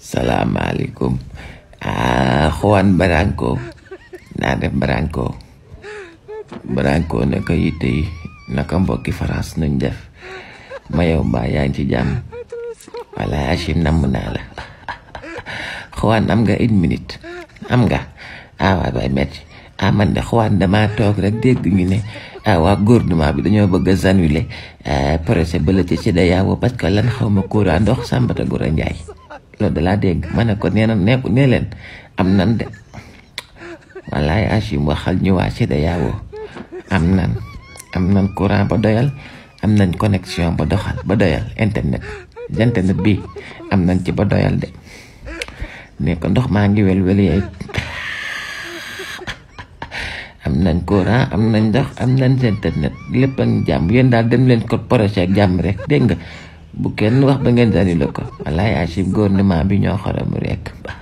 Assalamualaikum. Akhwan barangko. Nada barangko. Barangko na kayiti. Nakambo kifaras nun Jeff. Mayaw bayang si Jam. Wala asim na munala. Juan am nga une minute amga, awa awaa bay metti ah man de Juan dama toog rek dégg ñu ne awaa gouvernement bi dañoo bëgg a annulé projet ba la ci lan xaw ma ndox Sambata dala ladeg mana ko nenan ne nelen am nan de wallahi ashi waxal ñu wa ci da yawo am nan am nan courant ba doyal am nan connexion ba doxal ba doyal internet internet bi am nan ci ba doyal de ne ko ndox ma ngi wel wel amnan am amnan courant am nañ ndox am nañ internet lépp ak jàmm yéen daal dem leen ko ak jam rek dégg nga bu kenn wax ba ngeen di la ko walaay achib gouvernement bi ñoo xorom rekk ba